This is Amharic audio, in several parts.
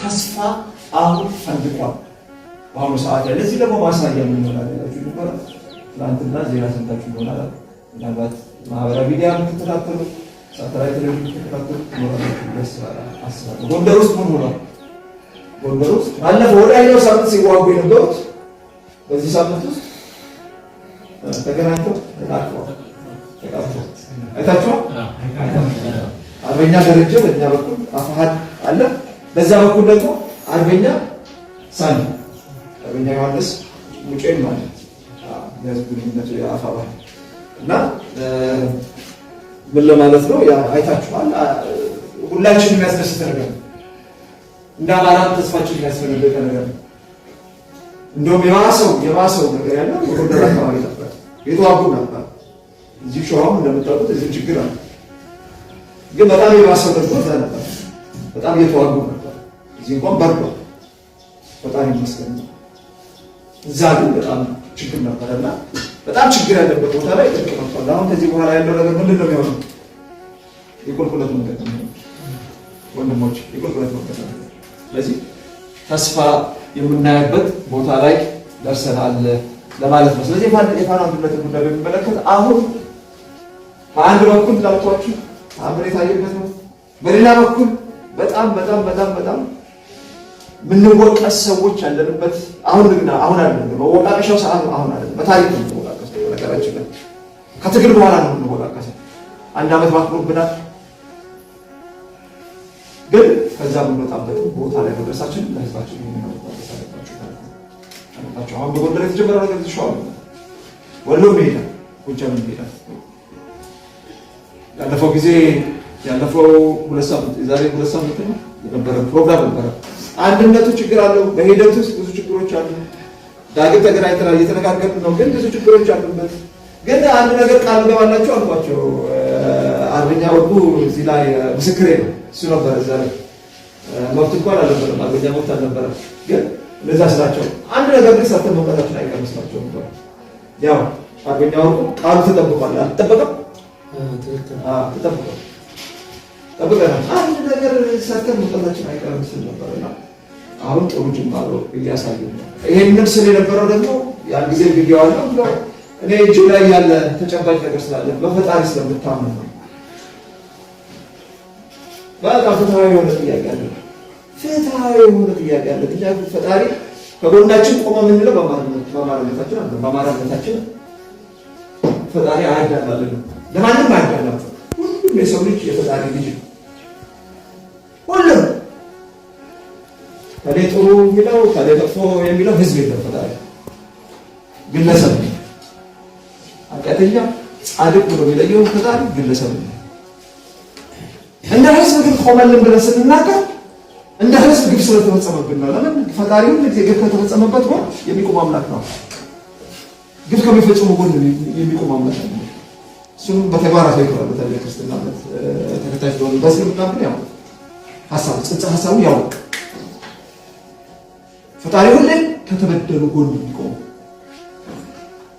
ተስፋ አሁን ፈንድቋል። በአሁኑ ሰዓት ላይ ለዚህ ደግሞ ማሳያ የምንመላለላችሁ ነበረ። ትናንትና ዜና ሰምታችሁ ይሆናል። ምናልባት ማህበራዊ ሚዲያ የምትከታተሉ፣ ሳተላይት ላይ የምትከታተሉ አስባለሁ። ጎንደር ውስጥ ምን ሆኗል? ጎንደር ውስጥ ባለፈው ወደ አይነው ሳምንት ሲዋጉ የነበሩት በዚህ ሳምንት ውስጥ ተገናኝተው ተቃጥለዋል። ተቃጥለዋል አይታችኋል። አርበኛ ደረጀ በእኛ በኩል አፋሀድ አለን በዛ በኩል ደግሞ አርበኛ ሳኒ አርበኛ ዮሐንስ ሙጬን ማለት የህዝብ ግንኙነቱ የአፋባል እና ምን ለማለት ነው? አይታችኋል። ሁላችን የሚያስደስት ነገር ነው። እንደ አማራም ተስፋችን የሚያስፈልገ ነገር ነው። እንደውም የባሰው የባሰው ነገር ያለው የጎንደር አካባቢ ነበር። የተዋጉ ነበር። እዚህ ሸዋም እንደምታውቁት እዚህ ችግር አለ። ግን በጣም የባሰው ደግሞ ነበር። በጣም እየተዋጉ ነው ጊዜ እንኳን በርዷል። በጣም ይመስገን። እዛ ግን በጣም ችግር ነበረ እና በጣም ችግር ያለበት ቦታ ላይ ጥቅ መጥቷል። አሁን ከዚህ በኋላ ያለው ነገር ምንድን ነው የሚሆነው? የቁልቁለት መንገድ ነው ወንድሞች፣ የቁልቁለት መንገድ ነው። ስለዚህ ተስፋ የምናየበት ቦታ ላይ ደርሰናል ለማለት ነው። ስለዚህ የፋኖ አንድነትን ጉዳይ በሚመለከት አሁን በአንድ በኩል ላውጧችሁ አምር የታየበት ነው። በሌላ በኩል በጣም በጣም በጣም በጣም ምንወቀስ ሰዎች ያለንበት አሁን ግና አሁን አይደለም። መወቃቀሻው ሰዓት አሁን አይደለም። በታሪክ ነው የምንወቃቀስ። ነገራችን ላይ ከትግል በኋላ ነው የምንወቃቀስ። አንድ ዓመት ባክኖብናል፣ ግን ከዛ የምንወጣበት ቦታ ላይ መድረሳችን ለህዝባችን የምንወቃቀስ አለባችሁ አለባችሁ። አሁን በጎንደር የተጀመረ ነገር ትሸዋል። ወሎ ይሄዳል፣ ጎጃም ይሄዳል። ያለፈው ጊዜ ያለፈው ሁለት ሳምንት የዛሬ ሁለት ሳምንት ነው የነበረ ፕሮግራም ነበረ አንድነቱ ችግር አለው። በሂደት ውስጥ ብዙ ችግሮች አሉ። ዳግም ተገናኝተናል፣ እየተነጋገርን ነው። ግን ብዙ ችግሮች አሉበት። ግን አንድ ነገር ቃል ገባላቸው አልኳቸው። አርበኛ ወርቁ እዚህ ላይ ምስክሬ ነው። እሱ ነበር እዛ ላይ መብት እንኳን አልነበረም፣ አርበኛ መብት አልነበረም። ግን እንደዛ ስላቸው አንድ ነገር ግን ሰርተን መምጣታችን አይቀመስላቸው ነበር። ያው አርበኛ ወርቁ ቃሉ ተጠብቋል። አልጠበቀም? ተጠብቋል። ጠብቀናል። አንድ ነገር ሰርተን መምጣታችን አይቀመስል ነበርና አሁን ጥሩ ጅማሮ እያሳዩ ይሄንን ስል የነበረው ደግሞ ያን ጊዜ ቪዲዮ አለ እኔ እጅ ላይ ያለ ተጨባጭ ነገር ስላለ በፈጣሪ ስለምታምን ነው። በጣም ፍትሐዊ የሆነ ጥያቄ አለ። ፍትሐዊ የሆነ ጥያቄ አለ። ጥያቄ ፈጣሪ ከጎናችን ቆመ የምንለው በማንነታችን አለ። በማንነታችን ፈጣሪ አያዳላልን፣ ለማንም አያዳላል። ሁሉም የሰው ልጅ የፈጣሪ ልጅ ነው። ከላይ ጥሩ የሚለው ከላይ መጥፎ የሚለው ህዝብ ይለበታል። ግለሰብ ነው። ኃጢአተኛ ጻድቅ ብሎ የሚለየው ፈጣሪ ግለሰብ ነው። እንደ ህዝብ ግን ቆመልን ብለን ስንናገር እንደ ህዝብ ግብ ስለተፈጸመብን ነው። ለምን ፈጣሪውን ግብ ከተፈጸመበት ጎን የሚቆም አምላክ ነው። ግብ ከሚፈጽሙ ጎን የሚቆም አምላክ ነው። እሱም በተግባራት ላይ ይቆራል። በተለይ ክርስትና ተከታይ ስለሆነ በዚህ ምናምን ያው ሀሳቡ ጽንሰ ሀሳቡ ያውቅ ፈጣሪ ሁሌ ከተበደሉ ጎን የሚቆሙ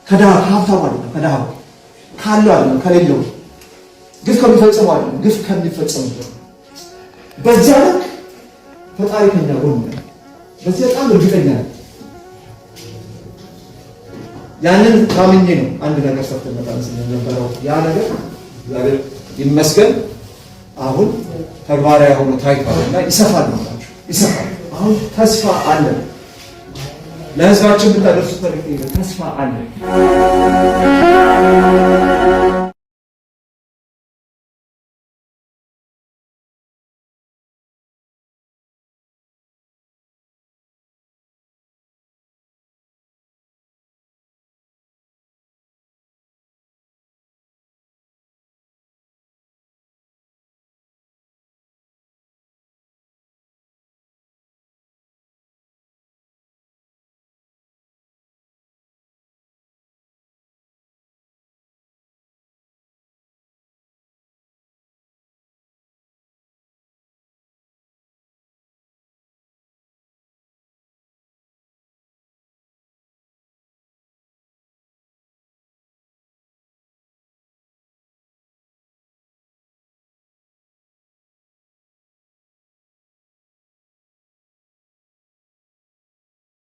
ከድሃ ከሀብታም ማለት ነው። ከድሃ ካለው አይደለም ከሌለው ግፍ ከሚፈጽሙ አይደለም ግፍ ከሚፈጽሙ በዚያ ልክ ፈጣሪ ከኛ ጎን ነው። በዚያ በጣም እርግጠኛ ነው። ያንን ታምኜ ነው አንድ ነገር ሰርተን መጣን ስለነበረው ያ ነገር እግዚአብሔር ይመስገን አሁን ተግባራዊ ሆኖ ታይቷል እና ይሰፋል ማለት ይሰፋል። አሁን ተስፋ አለን። ለህዝባችን ብታደርሱት ተስፋ አለ።